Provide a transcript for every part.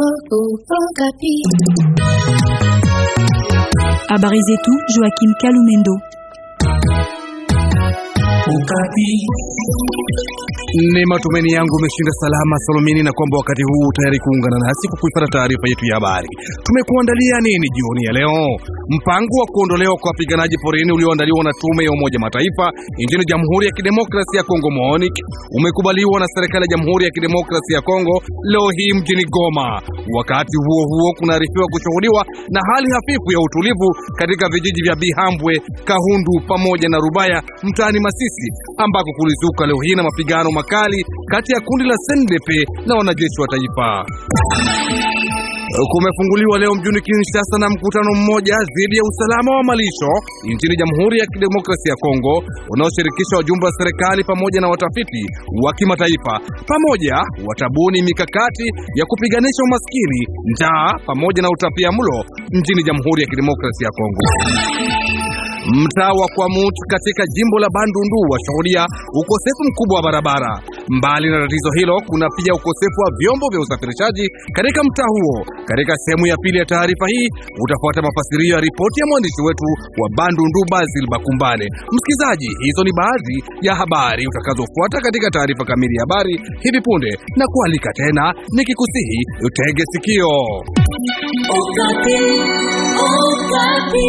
oh, oh, oh, Joachim Kalumendo. Ni matumaini yangu umeshinda salama salomini, na kwamba wakati huu tayari kuungana nasi kwa kukuipata taarifa yetu ya habari. Tumekuandalia nini jioni ya leo? Mpango wa kuondolewa kwa wapiganaji porini ulioandaliwa na tume ya Umoja Mataifa nchini Jamhuri ya Kidemokrasia ya Kongo MONUC umekubaliwa na serikali ya Jamhuri ya Kidemokrasia ya Kongo leo hii mjini Goma. Wakati huo huo, kunaarifiwa kushuhudiwa na hali hafifu ya utulivu katika vijiji vya Bihambwe, Kahundu pamoja na Rubaya mtaani Masisi ambako kulizuka leo hii na mapigano makali kati ya kundi la SNDP na wanajeshi wa taifa. Kumefunguliwa leo mjini Kinshasa na mkutano mmoja dhidi ya usalama wa malisho nchini Jamhuri ya Kidemokrasia ya Kongo unaoshirikisha wajumbe wa serikali pamoja na watafiti wa kimataifa. Pamoja watabuni mikakati ya kupiganisha umaskini, njaa pamoja na utapia mlo nchini Jamhuri ya Kidemokrasia ya Kongo. Mtaa wa Kwamut katika jimbo la Bandundu washuhudia ukosefu mkubwa wa barabara. Mbali na tatizo hilo, kuna pia ukosefu wa vyombo vya usafirishaji katika mtaa huo. Katika sehemu ya pili ya taarifa hii utafuata mafasirio ya ripoti ya mwandishi wetu wa Bandundu Basil Bakumbane. Msikilizaji, hizo ni baadhi ya habari utakazofuata katika taarifa kamili ya habari hivi punde, na kualika tena nikikusihi utege sikio. Okapi, Okapi.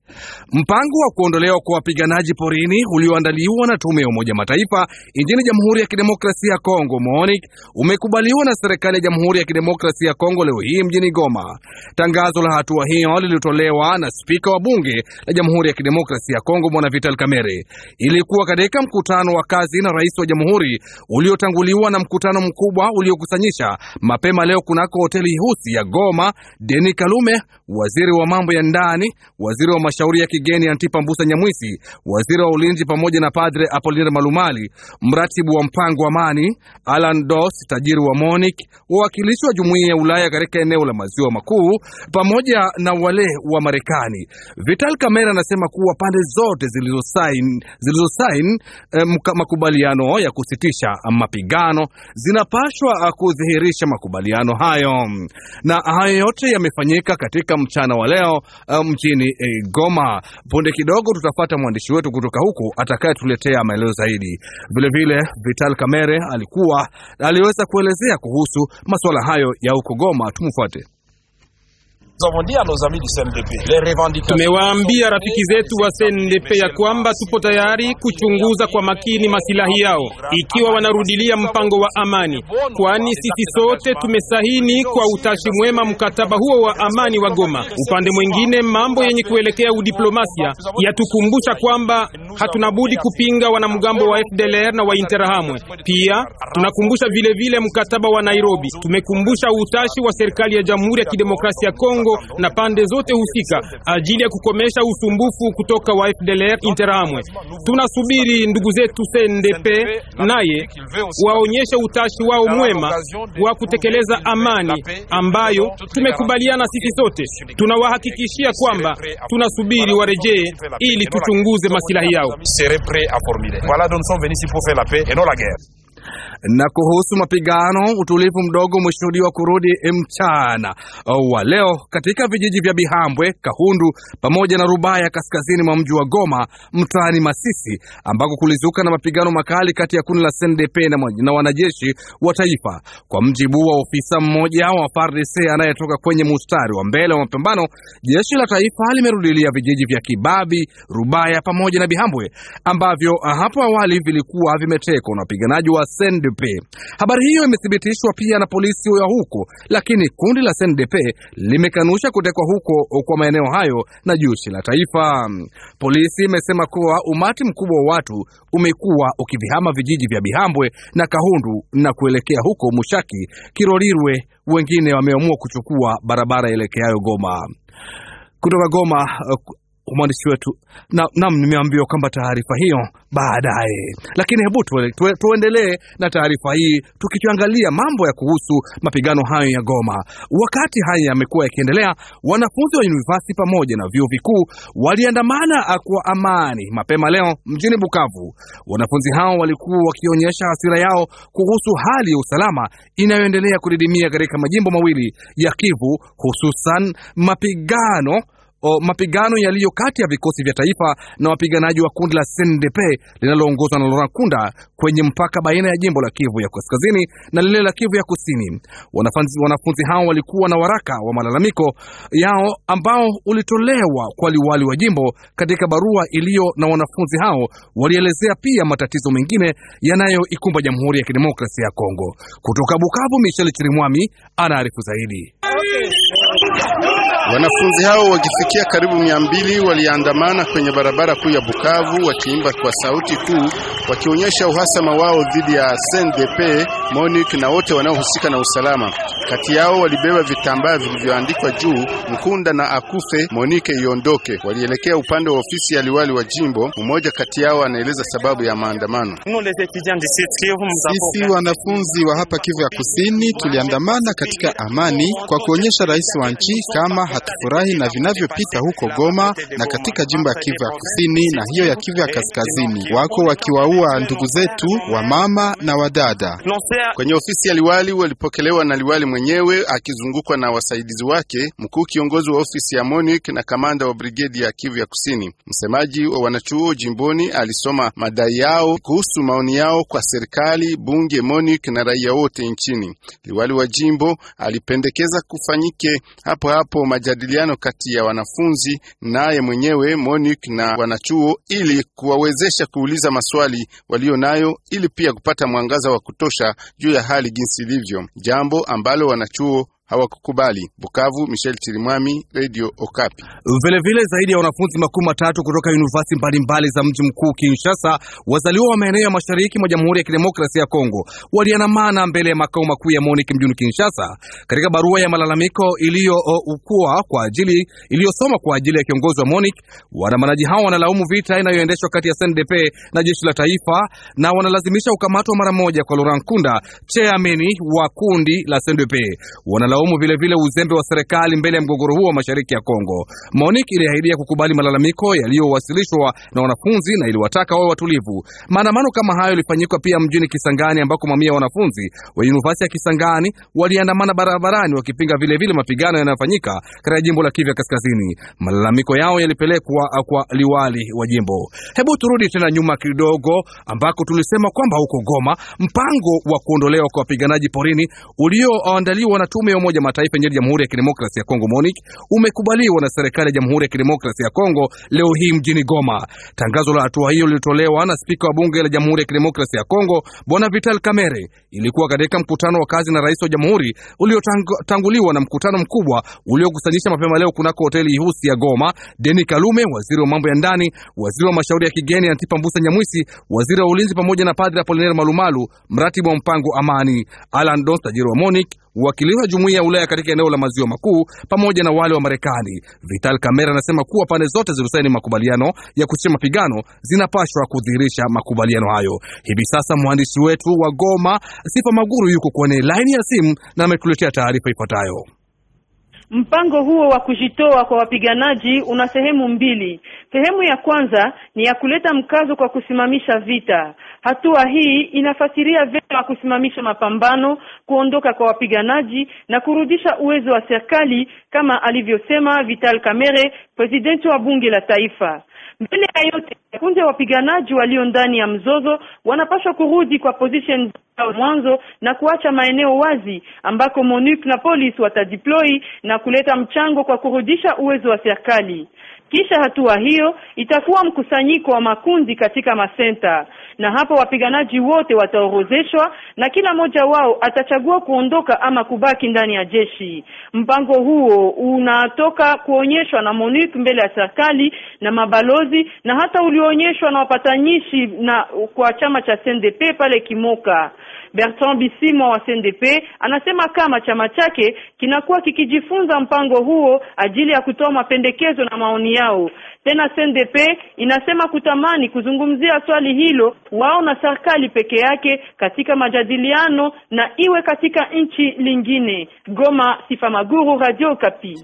Mpango wa kuondolewa kwa wapiganaji porini ulioandaliwa na tume ya Umoja Mataifa nchini Jamhuri ya Kidemokrasia ya Kongo MONUC umekubaliwa na serikali ya Jamhuri ya Kidemokrasia ya Kongo leo hii mjini Goma. Tangazo la hatua hiyo lilitolewa na spika wa bunge la Jamhuri ya Kidemokrasia ya Kongo Bwana Vital Kamerhe. Ilikuwa katika mkutano wa kazi na rais wa jamhuri uliotanguliwa na mkutano mkubwa uliokusanyisha mapema leo kunako hoteli husi ya Goma Deni Kalume, waziri wa mambo ya ndani, waziri wa mashauri ya kigeni Antipa Mbusa Nyamwisi, waziri wa ulinzi, pamoja na Padre Apolinaire Malumali, mratibu wa mpango wa amani, Alan Dos, tajiri wa Monic, wawakilishi wa jumuiya ya Ulaya katika eneo la maziwa makuu, pamoja na wale wa Marekani. Vital Kamera anasema kuwa pande zote zilizosain zilizosaini eh, makubaliano ya kusitisha mapigano zinapashwa ah, kudhihirisha makubaliano hayo, na hayo yote yamefanyika katika mchana wa leo eh, mjini eh, Goma Goma. Punde kidogo tutafata mwandishi wetu kutoka huku atakayetuletea maelezo zaidi. Vilevile Vital Kamere alikuwa aliweza kuelezea kuhusu masuala hayo ya huko Goma, tumfuate. Tumewaambia rafiki zetu wa CNDP ya kwamba tupo tayari kuchunguza kwa makini masilahi yao ikiwa wanarudilia mpango wa amani, kwani sisi sote tumesahini kwa utashi mwema mkataba huo wa amani wa Goma. Upande mwingine, mambo yenye kuelekea udiplomasia yatukumbusha kwamba hatuna budi kupinga wanamgambo wa FDLR na wa Interahamwe. Pia tunakumbusha vilevile vile mkataba wa Nairobi. Tumekumbusha utashi wa serikali ya Jamhuri ya Kidemokrasia ya Kongo Kongo na pande zote husika ajili ya kukomesha usumbufu kutoka wa FDLR Interahamwe. Tunasubiri ndugu zetu CNDP naye waonyeshe utashi wao mwema wa kutekeleza amani ambayo tumekubaliana sisi sote. Tunawahakikishia kwamba tunasubiri warejee ili tuchunguze masilahi yao. Na kuhusu mapigano, utulivu mdogo umeshuhudiwa kurudi mchana uh, wa leo katika vijiji vya Bihambwe, Kahundu pamoja na Rubaya kaskazini mwa mji wa Goma mtaani Masisi, ambako kulizuka na mapigano makali kati ya kundi la sndp na wanajeshi wa taifa, kwa mjibu wa ofisa mmoja wa FARDC anayetoka kwenye mustari wa mbele wa mapambano. Jeshi la taifa limerudilia vijiji vya Kibabi, Rubaya pamoja na Bihambwe ambavyo uh, hapo awali vilikuwa vimetekwa na wapiganaji wa SNDP. Habari hiyo imethibitishwa pia na polisi ya huko, lakini kundi la SNDP limekanusha kutekwa huko kwa maeneo hayo na jeshi la taifa. Polisi imesema kuwa umati mkubwa wa watu umekuwa ukivihama vijiji vya Bihambwe na Kahundu na kuelekea huko Mushaki, Kirorirwe. Wengine wameamua kuchukua barabara elekeayo Goma kutoka Goma mwandishi wetu nam na, nimeambiwa kwamba taarifa hiyo baadaye, lakini hebu tuendelee na taarifa hii tukiangalia mambo ya kuhusu mapigano hayo ya Goma. Wakati haya yamekuwa yakiendelea, wanafunzi wa yunivasiti pamoja na vyuo vikuu waliandamana kwa amani mapema leo mjini Bukavu. Wanafunzi hao walikuwa wakionyesha hasira yao kuhusu hali ya usalama inayoendelea kudidimia katika majimbo mawili ya Kivu, hususan mapigano o, mapigano yaliyo kati ya vikosi vya taifa na wapiganaji wa kundi la sndp linaloongozwa na Laurent Kunda kwenye mpaka baina ya jimbo la Kivu ya Kaskazini na lile la Kivu ya Kusini. Wanafunzi, wanafunzi hao walikuwa na waraka wa malalamiko yao ambao ulitolewa kwa liwali wa jimbo. Katika barua iliyo na wanafunzi hao walielezea pia matatizo mengine yanayoikumba Jamhuri ya Kidemokrasia ya Kongo. Kutoka Bukavu, Michel Chirimwami anaarifu zaidi. Okay. Wanafunzi hao wakifikia karibu mia mbili waliandamana kwenye barabara kuu ya Bukavu wakiimba kwa sauti kuu wakionyesha uhasama wao dhidi ya sndp MONUC na wote wanaohusika na usalama. Kati yao walibeba vitambaa vilivyoandikwa juu Mkunda na akufe, monike iondoke. Walielekea upande wa ofisi ya liwali wa jimbo. Mmoja kati yao anaeleza sababu ya maandamano. Sisi wanafunzi wa hapa Kivu ya Kusini tuliandamana katika amani kwa kuonyesha rais wa nchi kama Goma hatufurahi na vinavyopita huko Goma na katika jimbo ya Kivu ya Kusini na hiyo ya Kivu ya Kaskazini, wako wakiwaua ndugu zetu wa mama na wadada. Kwenye ofisi ya liwali walipokelewa na liwali mwenyewe akizungukwa na wasaidizi wake, mkuu kiongozi wa ofisi ya MONUC na kamanda wa brigedi ya Kivu ya Kusini. Msemaji wa wanachuo jimboni alisoma madai yao kuhusu maoni yao kwa serikali, bunge, MONUC na raia wote nchini. Liwali wa jimbo alipendekeza kufanyike hapo hapo majadiliano kati ya wanafunzi naye mwenyewe Monique na wanachuo ili kuwawezesha kuuliza maswali walio nayo ili pia kupata mwangaza wa kutosha juu ya hali jinsi ilivyo, jambo ambalo wanachuo hawakukubali. Bukavu, Michel Chirimwami, Radio Okapi. Vilevile zaidi ya wanafunzi makumi matatu kutoka yunivasiti mbalimbali za mji mkuu Kinshasa, wazaliwa wa maeneo ya mashariki mwa Jamhuri ya Kidemokrasia ya Kongo, waliandamana mbele ya makao makuu ya MONUC mjini Kinshasa katika barua ya malalamiko iliyokuwa kwa ajili iliyosoma kwa ajili ya kiongozi wa MONUC. Waandamanaji hao wanalaumu vita inayoendeshwa kati ya SNDP na jeshi la taifa na wanalazimisha ukamatwa mara moja kwa Laurent Kunda, chairman wa kundi la CNDP. Wanalaumu amelaumu vilevile uzembe wa serikali mbele ya mgogoro huo wa mashariki ya Kongo. Monique iliahidia kukubali malalamiko yaliyowasilishwa na wanafunzi na iliwataka wawe watulivu. Maandamano kama hayo yalifanyika pia mjini Kisangani ambako mamia ya wanafunzi wa Yunivasiti ya Kisangani waliandamana barabarani wakipinga vilevile mapigano yanayofanyika katika jimbo la Kivu Kaskazini. Malalamiko yao yalipelekwa kwa liwali wa jimbo. Hebu turudi tena nyuma kidogo, ambako tulisema kwamba huko Goma mpango wa kuondolewa kwa wapiganaji porini ulioandaliwa na tume ya Umoja wa Mataifa nchini Jamhuri ya Kidemokrasia ya Kongo MONUC umekubaliwa na serikali ya Jamhuri ya Kidemokrasia ya Kongo leo hii mjini Goma. Tangazo la hatua hiyo lilitolewa na spika wa bunge la Jamhuri ya Kidemokrasia ya Kongo Bwana Vital Kamerhe. Ilikuwa katika mkutano wa kazi na rais wa jamhuri uliotanguliwa na mkutano mkubwa uliokusanyisha mapema leo kunako hoteli Ihusi ya Goma, Deni Kalume, waziri wa mambo ya ndani, waziri wa mashauri ya kigeni Antipa Mbusa Nyamwisi, waziri wa ulinzi, pamoja na Padre Apolinaire Malumalu, mratibu wa mpango amani. Alan Dos, tajiri wa Monic, Uwakilishi wa jumuiya ya Ulaya katika eneo la maziwa makuu pamoja na wale wa Marekani. Vital Kamera anasema kuwa pande zote zilizosaini makubaliano ya kusitisha mapigano zinapaswa kudhihirisha makubaliano hayo. Hivi sasa mwandishi wetu wa Goma Sifa Maguru yuko kwenye laini ya simu na ametuletea taarifa ifuatayo. Mpango huo wa kujitoa kwa wapiganaji una sehemu mbili. Sehemu ya kwanza ni ya kuleta mkazo kwa kusimamisha vita. Hatua hii inafasiria vyema kusimamisha mapambano, kuondoka kwa wapiganaji na kurudisha uwezo wa serikali, kama alivyosema Vital Kamerhe, presidenti wa bunge la taifa. Mbele ya yote, kundi ya wapiganaji walio ndani ya mzozo wanapaswa kurudi kwa position zao mwanzo na kuacha maeneo wazi ambako MONUC na polisi watadeploy na kuleta mchango kwa kurudisha uwezo wa serikali. Kisha hatua hiyo itakuwa mkusanyiko wa makundi katika masenta, na hapo wapiganaji wote wataorozeshwa na kila mmoja wao atachagua kuondoka ama kubaki ndani ya jeshi. Mpango huo unatoka kuonyeshwa na MONUC mbele ya serikali na mabalozi na hata ulioonyeshwa na wapatanishi na kwa chama cha CNDP pale Kimoka. Bertrand Bisimwa wa CNDP anasema kama chama chake kinakuwa kikijifunza mpango huo ajili ya kutoa mapendekezo na maoni yao. Tena CNDP inasema kutamani kuzungumzia swali hilo wao na serikali peke yake katika majadiliano na iwe katika nchi lingine. Goma, Sifa Maguru, Radio Kapi.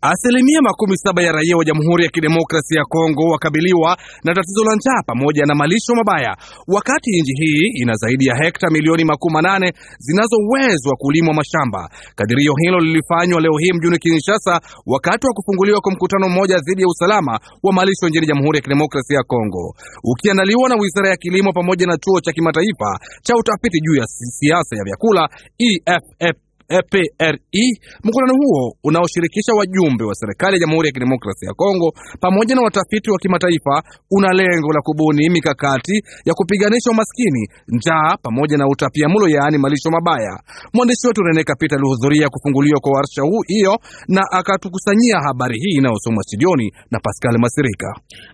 Asilimia makumi saba ya raia wa Jamhuri ya Kidemokrasia ya Kongo wakabiliwa na tatizo la njaa pamoja na malisho mabaya, wakati nchi hii ina zaidi ya hekta milioni makumi manane zinazowezwa kulimwa mashamba. Kadirio hilo lilifanywa leo hii mjini Kinshasa wakati wa kufunguliwa kwa mkutano mmoja dhidi ya usalama wa malisho nchini Jamhuri ya Kidemokrasia ya Kongo, ukiandaliwa na Wizara ya Kilimo pamoja na Chuo cha Kimataifa cha Utafiti juu ya Siasa ya Vyakula EFF EPRI. Mkutano huo unaoshirikisha wajumbe wa serikali ya Jamhuri ya Kidemokrasia ya Kongo pamoja na watafiti wa kimataifa una lengo la kubuni mikakati ya kupiganisha umaskini, njaa pamoja na utapiamlo, yaani malisho mabaya. Mwandishi wetu Rene Kapita alihudhuria kufunguliwa kwa warsha huu hiyo na akatukusanyia habari hii inayosomwa studioni na Pascal Masirika.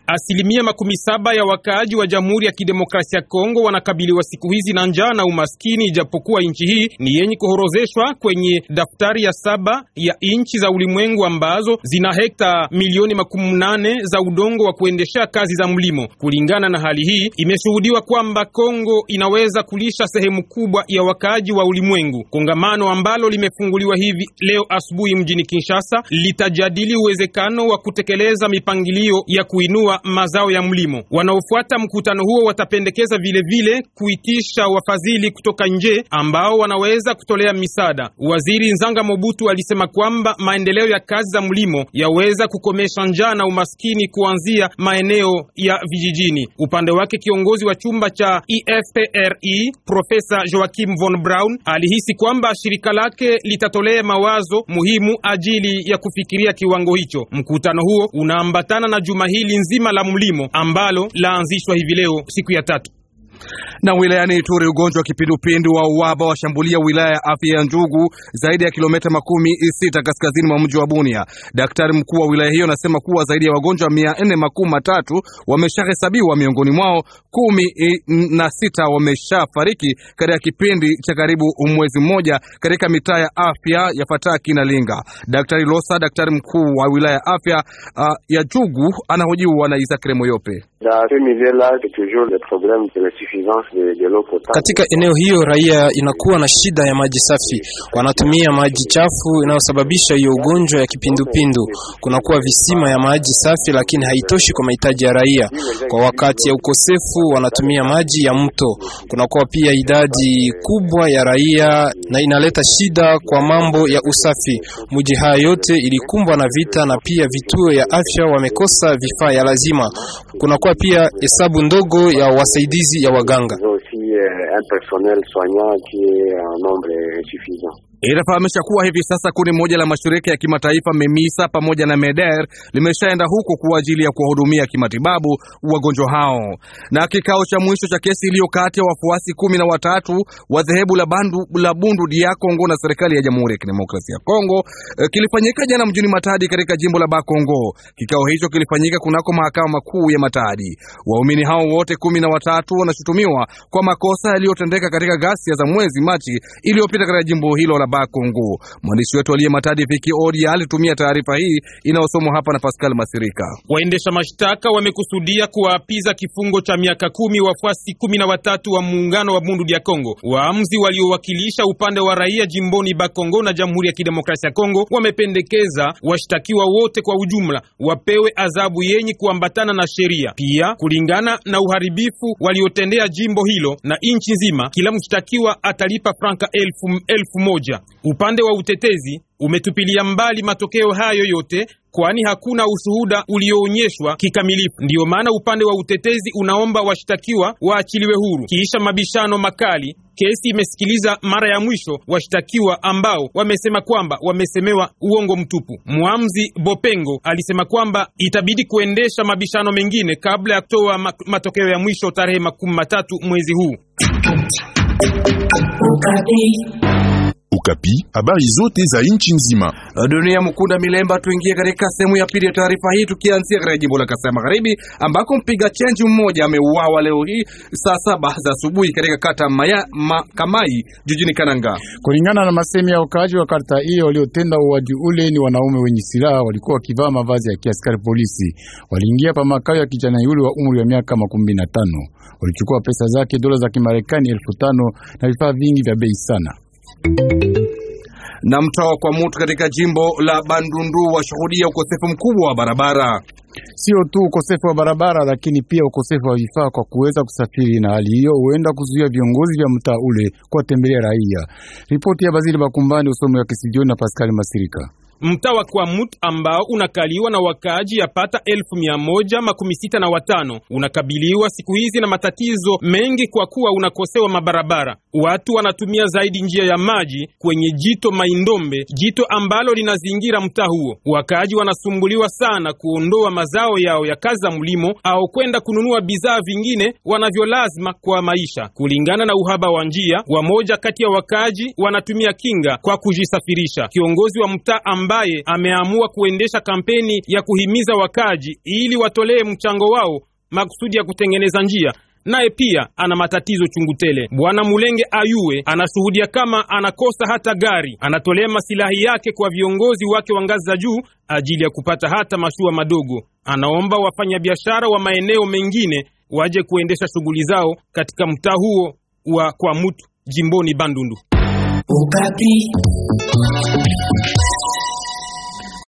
Asilimia makumi saba ya wakaaji wa Jamhuri ya Kidemokrasia ya Kongo wanakabiliwa siku hizi na njaa na umaskini, ijapokuwa nchi hii ni yenye kuhorozeshwa kwenye daftari ya saba ya nchi za ulimwengu ambazo zina hekta milioni makumi nane za udongo wa kuendeshea kazi za mlimo. Kulingana na hali hii, imeshuhudiwa kwamba Kongo inaweza kulisha sehemu kubwa ya wakaaji wa ulimwengu. Kongamano ambalo limefunguliwa hivi leo asubuhi mjini Kinshasa litajadili uwezekano wa kutekeleza mipangilio ya kuinua mazao ya mlimo. Wanaofuata mkutano huo watapendekeza vilevile vile kuitisha wafadhili kutoka nje ambao wanaweza kutolea misaada. Waziri Nzanga Mobutu alisema kwamba maendeleo ya kazi za mlimo yaweza kukomesha njaa na umaskini kuanzia maeneo ya vijijini. Upande wake, kiongozi wa chumba cha EFPRI e, Profesa Joachim von Braun alihisi kwamba shirika lake litatolea mawazo muhimu ajili ya kufikiria kiwango hicho. Mkutano huo unaambatana na juma hili nzima la mlimo ambalo laanzishwa hivi leo siku ya tatu. Na wilayani Ituri, ugonjwa wa kipindupindu wa uwaba washambulia wilaya ya afya ya Njugu, zaidi ya kilometa makumi sita kaskazini mwa mji wa Bunia. Daktari mkuu wa wilaya hiyo anasema kuwa zaidi ya wagonjwa mia nne makumi matatu wameshahesabiwa, miongoni mwao kumi na sita wameshafariki katika kipindi cha karibu mwezi mmoja katika mitaa ya afya ya Fataki na Linga. Daktari Losa, daktari mkuu wa wilaya ya afya uh, ya Jugu, anahojiwa na Isakre Moyope. Katika eneo hiyo raia inakuwa na shida ya maji safi, wanatumia maji chafu inayosababisha hiyo ugonjwa ya kipindupindu. Kunakuwa visima ya maji safi, lakini haitoshi kwa mahitaji ya raia. Kwa wakati ya ukosefu, wanatumia maji ya mto. Kunakuwa pia idadi kubwa ya raia na inaleta shida kwa mambo ya usafi. Mji haya yote ilikumbwa na vita, na pia vituo ya afya wamekosa vifaa ya lazima. Kunakuwa pia hesabu ndogo ya wasaidizi ya waganga. aussi euh, un personnel soignant qui est en nombre suffisant. Inafahamisha kuwa hivi sasa kundi moja la mashirika ya kimataifa Memisa pamoja na Meder limeshaenda huko kwa ajili ya kuwahudumia kimatibabu wagonjwa hao. Na kikao cha mwisho cha kesi iliyo kati ya wafuasi kumi na watatu wa dhehebu la, la Bundu dia Kongo na serikali ya Jamhuri ya Kidemokrasia ya Kongo eh, kilifanyika jana mjini Matadi katika jimbo la Bakongo. Kikao hicho kilifanyika kunako mahakama makuu ya Matadi. Waumini hao wote kumi na watatu wanashutumiwa kwa makosa yaliyotendeka katika ghasia za mwezi Machi iliyopita katika jimbo hilo la Bakungu. Mwandishi wetu aliye Matadi, Viki Odia, alitumia taarifa hii inayosomwa hapa na Pascal Masirika. Waendesha mashtaka wamekusudia kuwaapiza kifungo cha miaka kumi wafuasi kumi na watatu wa muungano wa Bundu ya Kongo. Waamuzi waliowakilisha upande wa raia jimboni Bakongo na Jamhuri ya Kidemokrasia ya Kongo wamependekeza washtakiwa wote kwa ujumla wapewe adhabu yenye kuambatana na sheria, pia kulingana na uharibifu waliotendea jimbo hilo na nchi nzima. Kila mshtakiwa atalipa franka elfu, elfu moja. Upande wa utetezi umetupilia mbali matokeo hayo yote, kwani hakuna ushuhuda ulioonyeshwa kikamilifu. Ndiyo maana upande wa utetezi unaomba washtakiwa waachiliwe huru. Kisha mabishano makali, kesi imesikiliza mara ya mwisho washtakiwa ambao wamesema kwamba wamesemewa uongo mtupu. Mwamzi Bopengo alisema kwamba itabidi kuendesha mabishano mengine kabla ya kutoa matokeo ya mwisho tarehe makumi matatu mwezi huu. Okapi, habari zote za nchi nzima. Dunia Mkunda Milemba, tuingie katika sehemu ya pili ya taarifa hii, tukianzia katika jimbo la Kasai Magharibi ambako mpiga chenji mmoja ameuawa leo hii saa saba za asubuhi katika kata maya, ma, Kamai jijini Kananga. Kulingana na masemi ya wakaaji wa kata hiyo, waliotenda uaji ule ni wanaume wenye silaha walikuwa wakivaa mavazi ya kiaskari polisi. Waliingia pa makao ya kijana yule wa umri wa miaka makumi na tano, walichukua pesa zake dola za Kimarekani elfu tano na vifaa vingi vya bei sana. Na mtaa wa Kwamouth katika jimbo la Bandundu washuhudia ukosefu mkubwa wa barabara. Sio tu ukosefu wa barabara, lakini pia ukosefu wa vifaa kwa kuweza kusafiri, na hali hiyo huenda kuzuia viongozi vya mtaa ule kuwatembelea raia. Ripoti ya Bazili Bakumbani, usomi wa Kisijoni na Paskali Masirika mtaa wa Kwamut ambao unakaliwa na wakaaji pata elfu mia moja makumi sita na watano unakabiliwa siku hizi na matatizo mengi kwa kuwa unakosewa mabarabara. Watu wanatumia zaidi njia ya maji kwenye jito Maindombe, jito ambalo linazingira mtaa huo. Wakaaji wanasumbuliwa sana kuondoa mazao yao ya kazi za mlimo au kwenda kununua bidhaa vingine wanavyolazima kwa maisha. Kulingana na uhaba wa njia, wamoja kati ya wakaaji wanatumia kinga kwa kujisafirisha. Kiongozi wa mtaa ambaye ameamua kuendesha kampeni ya kuhimiza wakaji ili watolee mchango wao makusudi ya kutengeneza njia naye pia ana matatizo chungu tele. Bwana Mulenge Ayue anashuhudia kama anakosa hata gari, anatolea masilahi yake kwa viongozi wake wa ngazi za juu ajili ya kupata hata mashua madogo. Anaomba wafanyabiashara wa maeneo mengine waje kuendesha shughuli zao katika mtaa huo wa kwa mutu jimboni Bandundu Ukati.